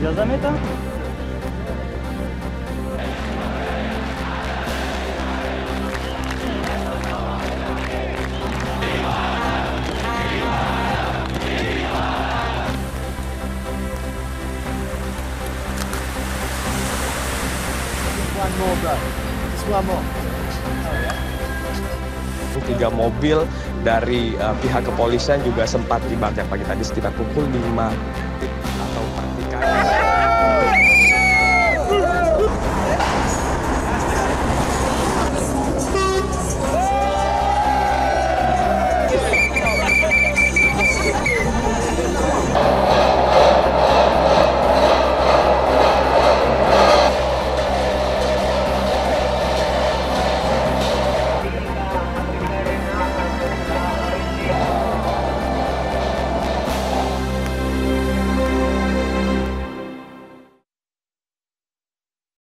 Ile zamyka? tiga mobil dari uh, pihak kepolisian juga sempat dibakar pagi tadi sekitar pukul 5 atau pagi 感觉